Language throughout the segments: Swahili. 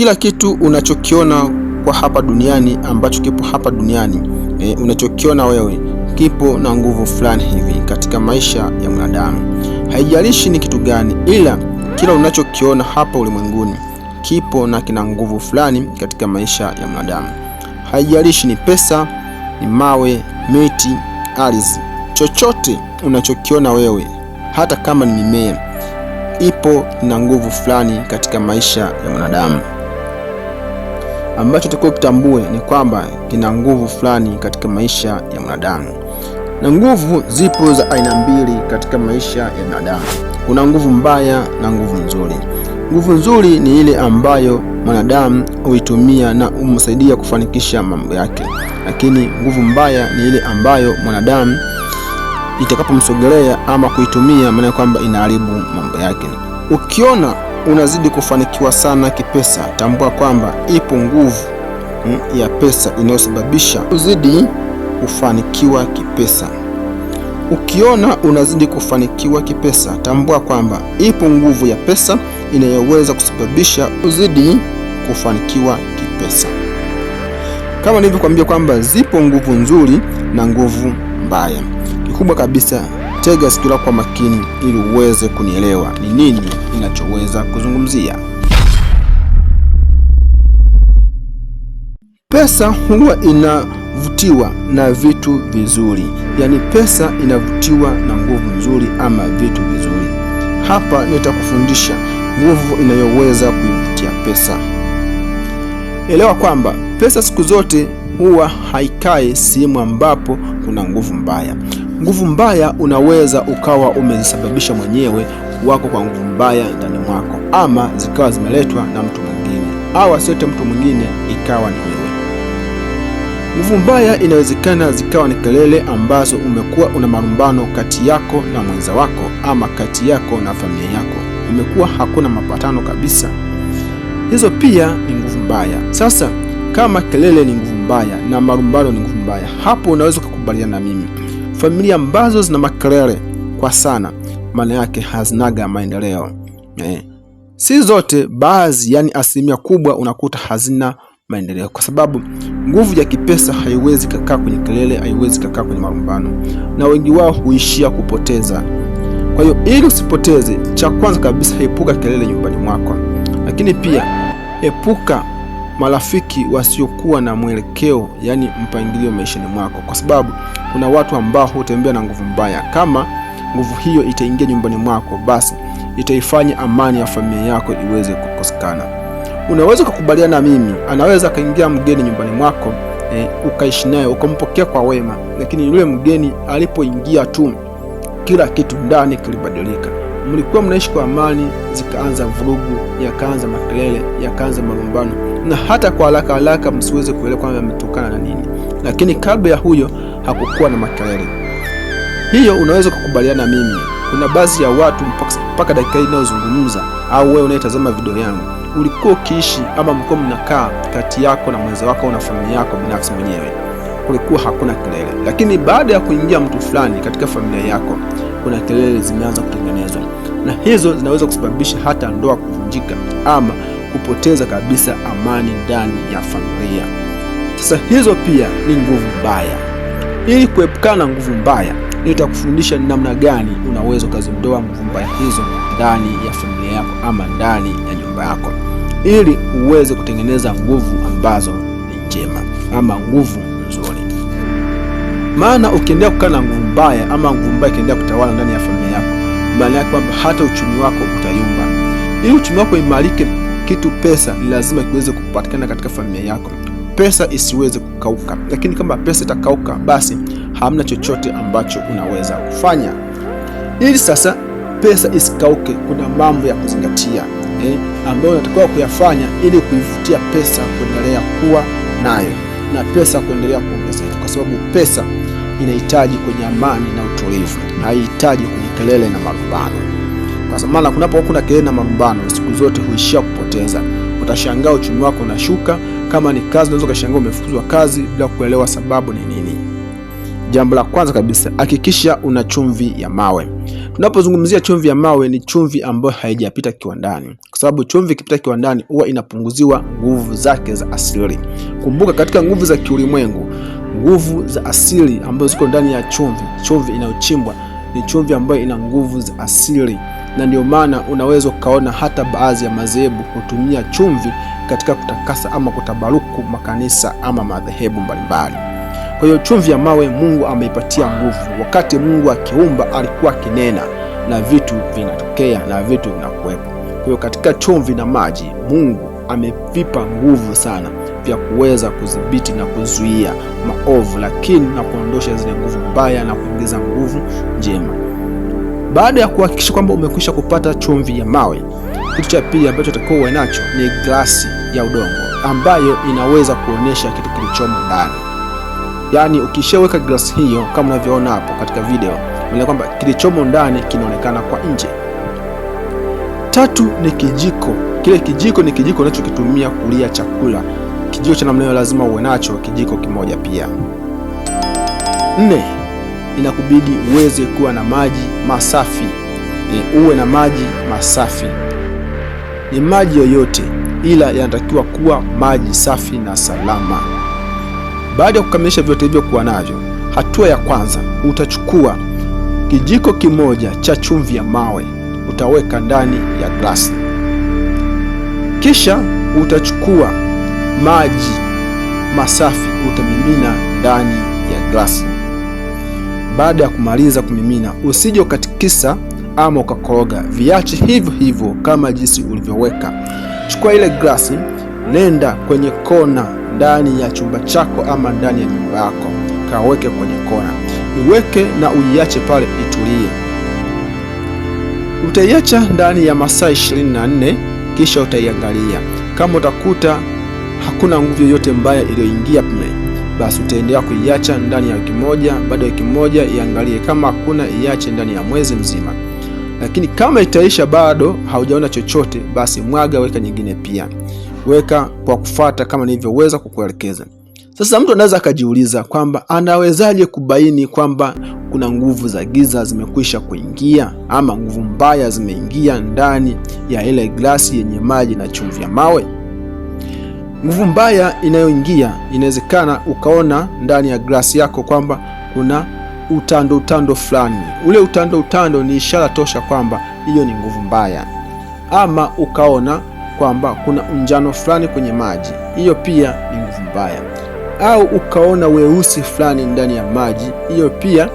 kila kitu unachokiona kwa hapa duniani ambacho kipo hapa duniani e, unachokiona wewe kipo na nguvu fulani hivi katika maisha ya mwanadamu. Haijalishi ni kitu gani, ila kila unachokiona hapa ulimwenguni kipo na kina nguvu fulani katika maisha ya mwanadamu. Haijalishi ni pesa, ni mawe, miti, ardhi, chochote unachokiona wewe, hata kama ni mimea, ipo na nguvu fulani katika maisha ya mwanadamu ambacho takiwa kitambue ni kwamba kina nguvu fulani katika maisha ya mwanadamu, na nguvu zipo za aina mbili katika maisha ya mwanadamu. Kuna nguvu mbaya na nguvu nzuri. Nguvu nzuri ni ile ambayo mwanadamu huitumia na humsaidia kufanikisha mambo yake, lakini nguvu mbaya ni ile ambayo mwanadamu itakapomsogelea ama kuitumia, maana kwamba inaharibu mambo yake. Ukiona unazidi kufanikiwa sana kipesa, tambua kwamba ipo nguvu hmm, ya pesa inayosababisha uzidi kufanikiwa kipesa. Ukiona unazidi kufanikiwa kipesa, tambua kwamba ipo nguvu ya pesa inayoweza kusababisha uzidi kufanikiwa kipesa. Kama nilivyokuambia kwamba zipo nguvu nzuri na nguvu mbaya. Kikubwa kabisa Tega sikio kwa makini ili uweze kunielewa ni nini ninachoweza kuzungumzia. Pesa huwa inavutiwa na vitu vizuri, yaani pesa inavutiwa na nguvu nzuri ama vitu vizuri. Hapa nitakufundisha nguvu inayoweza kuivutia pesa. Elewa kwamba pesa siku zote huwa haikai sehemu ambapo kuna nguvu mbaya. Nguvu mbaya unaweza ukawa umezisababisha mwenyewe wako kwa nguvu mbaya ndani mwako, ama zikawa zimeletwa na mtu mwingine, au asiote mtu mwingine, ikawa ni wewe. Nguvu mbaya inawezekana zikawa ni kelele ambazo umekuwa una marumbano kati yako na mwenza wako, ama kati yako na familia yako, umekuwa hakuna mapatano kabisa. Hizo pia ni nguvu mbaya. Sasa kama kelele ni nguvu mbaya na marumbano ni nguvu mbaya, hapo unaweza kukubaliana na mimi. Familia ambazo zina makelele kwa sana, maana yake hazinaga maendeleo eh. Si zote, baadhi, yani asilimia kubwa unakuta hazina maendeleo kwa sababu nguvu ya kipesa haiwezi kakaa kwenye kelele, haiwezi kakaa kwenye marumbano, na wengi wao huishia kupoteza. Kwa hiyo ili usipoteze, cha kwanza kabisa, epuka kelele nyumbani mwako, lakini pia epuka marafiki wasiokuwa na mwelekeo, yaani mpangilio maishani mwako, kwa sababu kuna watu ambao hutembea na nguvu mbaya. Kama nguvu hiyo itaingia nyumbani mwako, basi itaifanya amani ya familia yako iweze kukosekana. Unaweza ukakubaliana na mimi, anaweza akaingia mgeni nyumbani mwako e, ukaishi naye ukampokea kwa wema, lakini yule mgeni alipoingia tu kila kitu ndani kilibadilika mlikuwa mnaishi kwa amani, zikaanza vurugu, yakaanza makelele, yakaanza malumbano, na hata kwa haraka haraka msiweze kuelewa kwamba ametokana na nini, lakini kabla ya huyo hakukuwa na makelele. Hiyo unaweza kukubaliana mimi. Kuna baadhi ya watu mpaka dakika hii inayozungumza, au wewe unayetazama video yangu, ulikuwa ukiishi ama mlikuwa mnakaa kati yako na mwenza wako na familia yako binafsi mwenyewe, kulikuwa hakuna kelele, lakini baada ya kuingia mtu fulani katika familia yako, kuna kelele zimeanza kutoka na hizo zinaweza kusababisha hata ndoa kuvunjika ama kupoteza kabisa amani ndani ya familia. Sasa hizo pia ni nguvu mbaya. Ili kuepukana na nguvu mbaya, nitakufundisha ni namna gani unaweza ukaziondoa nguvu mbaya hizo ndani ya familia yako ama ndani ya nyumba yako, ili uweze kutengeneza nguvu ambazo ni njema ama nguvu nzuri, maana ukiendelea kukaa na nguvu mbaya ama nguvu mbaya ikiendelea kutawala ndani ya familia yako maana yake kwamba hata uchumi wako utayumba. Ili uchumi wako imarike, kitu pesa ni lazima kiweze kupatikana katika familia yako, pesa isiweze kukauka. Lakini kama pesa itakauka, basi hamna chochote ambacho unaweza kufanya. Ili sasa pesa isikauke, kuna mambo ya kuzingatia eh, ambayo unatakiwa kuyafanya ili kuivutia pesa kuendelea kuwa nayo na pesa kuendelea kuongezeka, kwa sababu pesa inahitaji kwenye amani na utulivu, haihitaji kwenye kelele na marumbano, kwa maana kunapokuwa kuna kelele na marumbano siku zote huishia kupoteza. Utashangaa uchumi wako unashuka. Kama ni kazi, unaweza ukashangaa umefukuzwa kazi bila kuelewa sababu ni nini. Jambo la kwanza kabisa, hakikisha una chumvi ya mawe. Tunapozungumzia chumvi ya mawe, ni chumvi ambayo haijapita kiwandani, kwa sababu chumvi ikipita kiwandani huwa inapunguziwa nguvu zake za asili. Kumbuka, katika nguvu za kiulimwengu nguvu za asili ambazo ziko ndani ya chumvi. Chumvi inayochimbwa ni chumvi ambayo ina nguvu za asili, na ndio maana unaweza ukaona hata baadhi ya madhehebu hutumia chumvi katika kutakasa ama kutabaruku makanisa ama madhehebu mbalimbali. Kwa hiyo chumvi ya mawe Mungu ameipatia nguvu. Wakati Mungu akiumba alikuwa akinena na vitu vinatokea na vitu vinakuwepo. Kwa hiyo katika chumvi na maji Mungu amevipa nguvu sana vya kuweza kudhibiti na kuzuia maovu, lakini na kuondosha zile nguvu mbaya na kuingiza nguvu njema. Baada ya kuhakikisha kwamba umekwisha kupata chumvi ya mawe, kitu cha pili ambacho utakuwa uwe nacho ni glasi ya udongo ambayo inaweza kuonyesha kitu kilichomo ndani. Yaani, ukishaweka glasi hiyo kama unavyoona hapo katika video, maana kwamba kilichomo ndani kinaonekana kwa nje. Tatu ni kijiko. Kile kijiko ni kijiko unachokitumia kulia chakula Kijiko cha namna hiyo lazima uwe nacho kijiko kimoja pia. Nne, inakubidi uweze kuwa na maji masafi e, uwe na maji masafi. Ni maji yoyote, ila yanatakiwa kuwa maji safi na salama. Baada ya kukamilisha vyote hivyo kuwa navyo, hatua ya kwanza utachukua kijiko kimoja cha chumvi ya mawe utaweka ndani ya glasi, kisha utachukua maji masafi utamimina ndani ya glasi. Baada ya kumaliza kumimina, usije ukatikisa ama ukakoroga, viache hivyo hivyo kama jinsi ulivyoweka. Chukua ile glasi, nenda kwenye kona ndani ya chumba chako ama ndani ya nyumba yako, kaweke kwenye kona, iweke na uiache pale itulie. Utaiacha ndani ya masaa 24 kisha utaiangalia kama utakuta Hakuna nguvu yoyote mbaya iliyoingia pime, basi utaendelea kuiacha ndani ya wiki moja, baada ya wiki moja iangalie, kama hakuna iache ndani ya mwezi mzima. Lakini kama itaisha bado haujaona chochote, basi mwaga, weka nyingine pia, weka kwa kufata kama nilivyoweza kukuelekeza. Sasa mtu anaweza akajiuliza kwamba anawezaje kubaini kwamba kuna nguvu za giza zimekwisha kuingia ama nguvu mbaya zimeingia ndani ya ile glasi yenye maji na chumvi ya mawe? Nguvu mbaya inayoingia, inawezekana ukaona ndani ya glasi yako kwamba kuna utando utando fulani. Ule utando utando ni ishara tosha kwamba hiyo ni nguvu mbaya, ama ukaona kwamba kuna unjano fulani kwenye maji, hiyo pia ni nguvu mbaya, au ukaona weusi fulani ndani ya maji, hiyo pia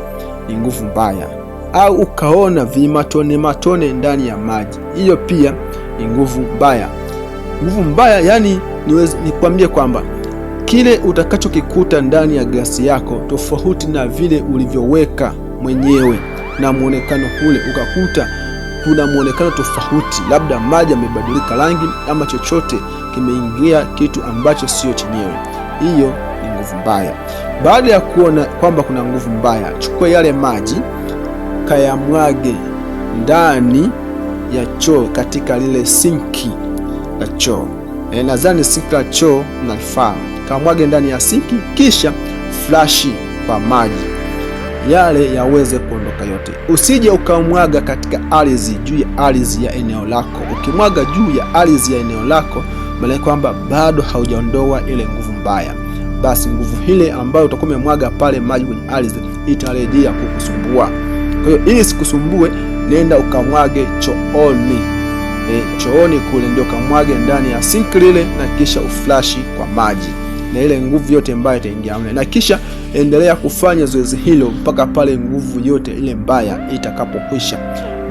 ni nguvu mbaya, au ukaona vimatone matone ndani ya maji, hiyo pia ni nguvu mbaya. Nguvu mbaya, yani nikwambie kwamba kile utakachokikuta ndani ya glasi yako tofauti na vile ulivyoweka mwenyewe na mwonekano ule, ukakuta kuna mwonekano tofauti, labda maji yamebadilika rangi ama chochote kimeingia kitu ambacho sio chenyewe. Hiyo ni nguvu mbaya. Baada ya kuona kwamba kuna nguvu mbaya, chukua yale maji kayamwage ndani ya choo katika lile sinki la choo. E, nadhani sinki la choo mnalifahamu. Kamwage ndani ya sinki, kisha flashi kwa maji yale yaweze kuondoka yote. Usije ukamwaga katika ardhi juu ya ardhi ya eneo lako. Ukimwaga juu ya ardhi ya eneo lako, maana kwamba bado haujaondoa ile nguvu mbaya. Basi nguvu ile ambayo utakuwa umemwaga pale maji kwenye ardhi itarejea kukusumbua. Kwa hiyo ili sikusumbue, nenda ukamwage chooni e, chooni kule, ndio kamwage ndani ya sink lile, na kisha uflashi kwa maji na ile nguvu yote mbaya itaingia mle, na kisha endelea kufanya zoezi hilo mpaka pale nguvu yote ile mbaya itakapokwisha.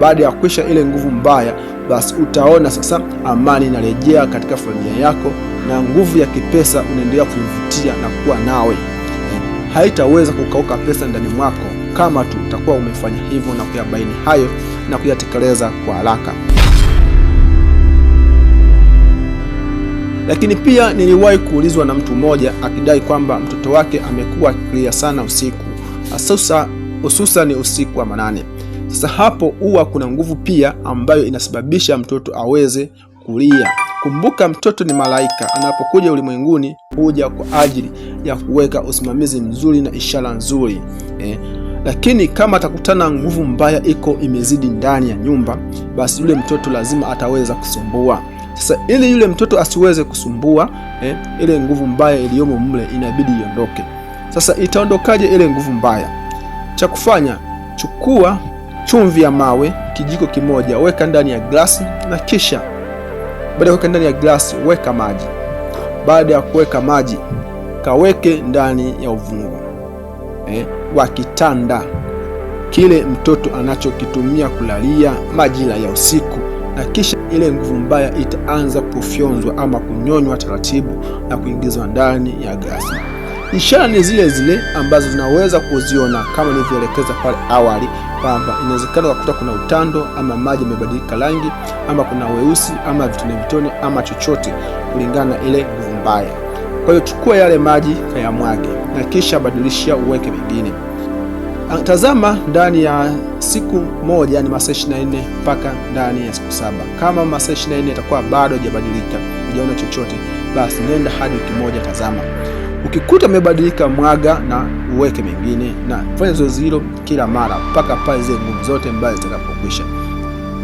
Baada ya kwisha ile nguvu mbaya, basi utaona sasa amani inarejea katika familia yako, na nguvu ya kipesa unaendelea kuivutia na kuwa nawe. Eh, haitaweza kukauka pesa ndani mwako kama tu utakuwa umefanya hivyo na kuyabaini hayo na kuyatekeleza kwa haraka. Lakini pia niliwahi kuulizwa na mtu mmoja akidai kwamba mtoto wake amekuwa akilia sana usiku, hususa hususani usiku wa manane. Sasa hapo huwa kuna nguvu pia ambayo inasababisha mtoto aweze kulia. Kumbuka, mtoto ni malaika, anapokuja ulimwenguni huja kwa ajili ya kuweka usimamizi mzuri na ishara nzuri eh. Lakini kama atakutana nguvu mbaya iko imezidi ndani ya nyumba, basi yule mtoto lazima ataweza kusumbua. Sasa ili yule mtoto asiweze kusumbua eh, ile nguvu mbaya iliyomo mle inabidi iondoke. Sasa itaondokaje ile nguvu mbaya? Cha kufanya, chukua chumvi ya mawe kijiko kimoja, weka ndani ya glasi, na kisha baada ya kuweka ndani ya glasi weka maji. Baada ya kuweka maji, kaweke ndani ya uvungu eh, wa kitanda kile mtoto anachokitumia kulalia majira ya usiku na kisha ile nguvu mbaya itaanza kufyonzwa ama kunyonywa taratibu na kuingizwa ndani ya gasi. Ishara ni zile zile ambazo tunaweza kuziona kama nilivyoelekeza pale awali kwamba inawezekana ukakuta kuna utando ama maji yamebadilika rangi ama kuna weusi ama vitone vitone ama chochote kulingana na ile nguvu mbaya. Kwa hiyo chukua yale maji kayamwage na kisha badilisha uweke mengine. Ah, tazama ndani ya siku moja ni masaa 24 mpaka ndani ya siku saba. Kama masaa 24 itakuwa bado hajabadilika, hujaona chochote, basi nenda hadi wiki moja, tazama. Ukikuta amebadilika, mwaga na uweke mengine, na fanya zoezi hilo kila mara mpaka pale zile nguvu zote mbaya zitakapokwisha.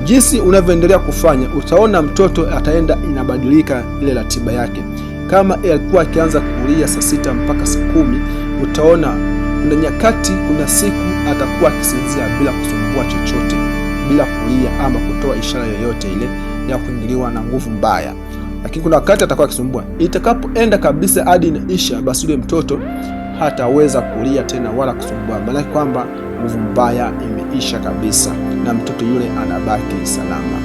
Jinsi unavyoendelea kufanya, utaona mtoto ataenda inabadilika ile ratiba yake. Kama alikuwa akianza kulia saa sita mpaka saa kumi utaona kuna nyakati, kuna siku atakuwa akisinzia bila kusumbua chochote, bila kulia ama kutoa ishara yoyote ile ya kuingiliwa na nguvu mbaya, lakini kuna wakati atakuwa akisumbua. Itakapoenda kabisa hadi inaisha, basi yule mtoto hataweza kulia tena wala kusumbua, maana kwamba nguvu mbaya imeisha kabisa na mtoto yule anabaki salama.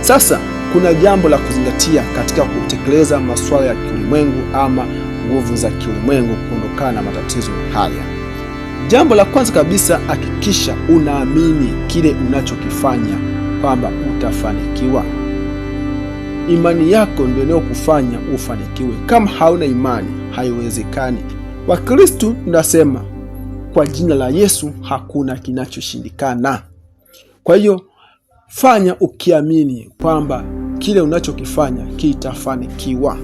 Sasa kuna jambo la kuzingatia katika kutekeleza masuala ya kiulimwengu ama nguvu za kiulimwengu kuondokana na matatizo haya. Jambo la kwanza kabisa, hakikisha unaamini kile unachokifanya kwamba utafanikiwa. Imani yako ndio inayokufanya ufanikiwe. Kama hauna imani, haiwezekani. Wakristo tunasema kwa jina la Yesu hakuna kinachoshindikana. Kwa hiyo fanya ukiamini kwamba kile unachokifanya kitafanikiwa.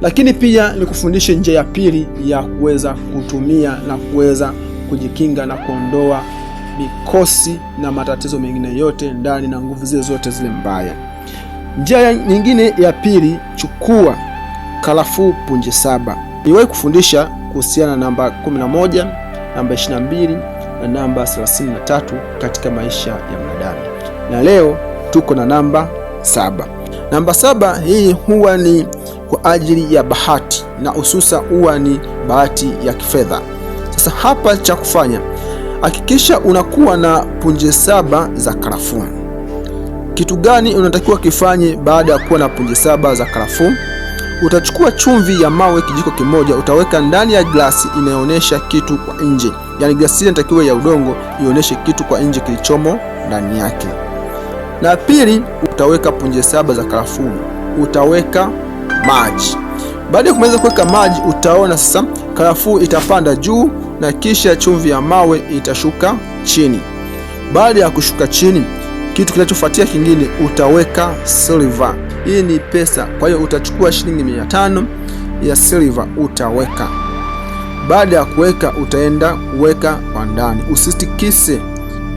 Lakini pia nikufundishe njia ya pili ya kuweza kutumia na kuweza kujikinga na kuondoa mikosi na matatizo mengine yote ndani na nguvu zile zote zile mbaya. Njia nyingine ya pili, chukua karafuu punje saba. Niwahi kufundisha kuhusiana na namba 11, namba 22 na namba 33 katika maisha ya mwanadamu, na leo tuko na namba saba. Namba saba hii huwa ni kwa ajili ya bahati na hususa huwa ni bahati ya kifedha. Sasa hapa cha kufanya, hakikisha unakuwa na punje saba za karafuu. Kitu gani unatakiwa kifanye baada ya kuwa na punje saba za karafuu? Utachukua chumvi ya mawe kijiko kimoja, utaweka ndani ya glasi inayoonyesha kitu kwa nje, yaani glasi ile inatakiwa ya udongo ionyeshe kitu kwa nje kilichomo ndani yake. Na pili, utaweka punje saba za karafuu, utaweka maji. Baada ya kumaliza kuweka maji, utaona sasa karafuu itapanda juu na kisha chumvi ya mawe itashuka chini. Baada ya kushuka chini, kitu kinachofuatia kingine utaweka silver. Hii ni pesa, kwa hiyo utachukua shilingi mia tano ya silver utaweka. Baada ya kuweka, utaenda kuweka kwa ndani, usitikise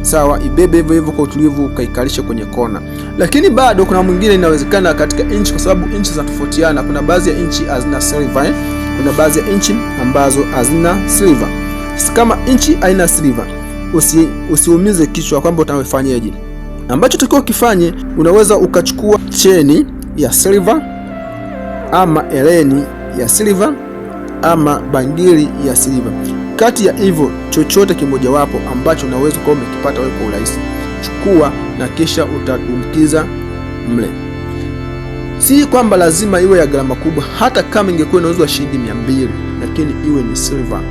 Sawa, ibebe hivyo hivyo kwa utulivu, ukaikalisha kwenye kona. Lakini bado kuna mwingine, inawezekana katika nchi, kwa sababu nchi zinatofautiana. Kuna baadhi ya nchi hazina silver, eh? kuna baadhi ya nchi ambazo hazina silver. Kama nchi aina silver, usi, usiumize kichwa kwamba utafanyeje. Ambacho tukio kifanye, unaweza ukachukua cheni ya silver ama eleni ya silver ama bangili ya silver. Kati ya hivyo chochote kimojawapo ambacho unaweza kuwa umekipata wewe kwa urahisi, chukua na kisha utadumkiza mle. Si kwamba lazima iwe ya gharama kubwa, hata kama ingekuwa inauzwa shilingi mia mbili, lakini iwe ni silver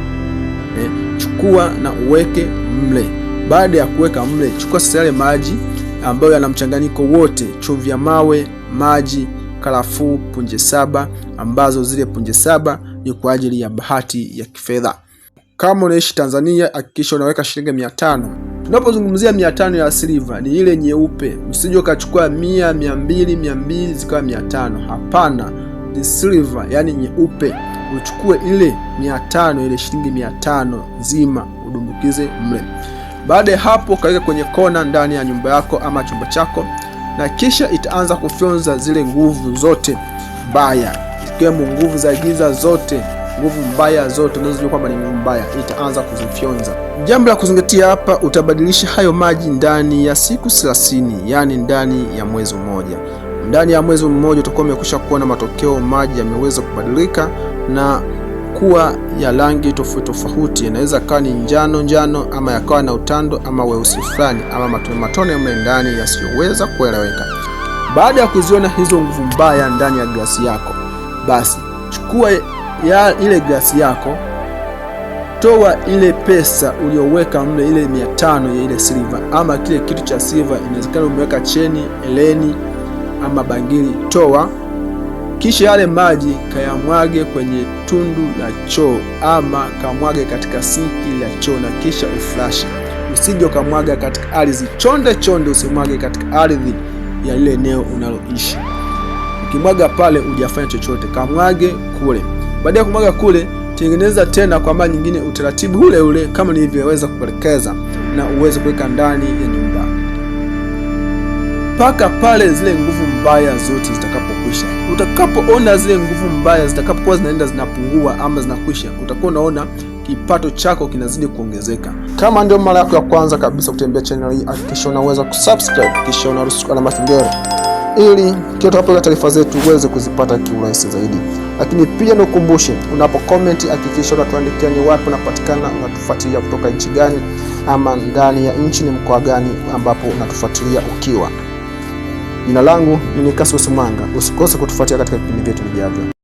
eh, chukua na uweke mle. Baada ya kuweka mle, chukua sasa yale maji ambayo yana mchanganyiko wote, chumvi ya mawe, maji, karafuu, punje saba, ambazo zile punje saba ni kwa ajili ya bahati ya kifedha. Kama unaishi Tanzania, hakikisha unaweka shilingi mia tano. Tunapozungumzia mia tano ya silver ni ile nyeupe, usije ukachukua mia, mia mbili, mia mbili zikawa mia tano. Hapana, ni silver, yani nyeupe uchukue ile mia tano ile shilingi mia tano nzima udumbukize mle. Baada ya hapo, kaweka kwenye kona ndani ya nyumba yako ama chumba chako, na kisha itaanza kufyonza zile nguvu zote mbaya, ikiwemo nguvu za giza zote, nguvu mbaya zote unazojua kwamba ni mbaya, itaanza kuzifyonza. Jambo la kuzingatia hapa, utabadilisha hayo maji ndani ya siku 30, yani ndani ya mwezi mmoja. Ndani ya mwezi mmoja utakuwa umekwisha kuona matokeo, maji yameweza kubadilika na kuwa ya rangi tofauti tofauti, inaweza kawa ni njano njano, ama yakawa na utando ama weusi fulani, ama matone matone ndani yasiyoweza kueleweka. Baada ya kuziona hizo nguvu mbaya ndani ya glasi yako, basi chukua ya ile glasi yako, toa ile pesa uliyoweka mle, ile mia tano ya ile silver ama kile kitu cha silver. Inawezekana umeweka cheni, eleni ama bangili, toa kisha yale maji kayamwage kwenye tundu la choo, ama kamwage katika sinki la choo, na kisha ufurashi. Usije ukamwaga katika ardhi, chonde chonde usimwage katika ardhi ya lile eneo unaloishi. Ukimwaga pale ujafanya chochote, kamwage kule. Baada ya kumwaga kule, tengeneza tena kwa mara nyingine utaratibu ule ule kama nilivyoweza kuelekeza na uweze kuweka ndani ya nyumba paka pale zile nguvu mbaya zote zitaka zinakwisha. Utakapoona zile nguvu mbaya zitakapokuwa zinaenda zinapungua ama zinakwisha, utakuwa unaona kipato chako kinazidi kuongezeka. Kama ndio mara yako ya kwanza kabisa kutembea channel hii, hakikisha unaweza kusubscribe kisha unaruhusu alama kengele ili kila tutakapoweka taarifa zetu uweze kuzipata kiurahisi zaidi. Lakini pia nikukumbushe, unapo comment hakikisha unatuandikia ni wapi unapatikana, unatufuatilia kutoka nchi gani, ama ndani ya nchi ni mkoa gani ambapo unatufuatilia ukiwa Jina langu ni Nikasi Sumanga. Usikose kutufuatia katika vipindi vyetu vijavyo.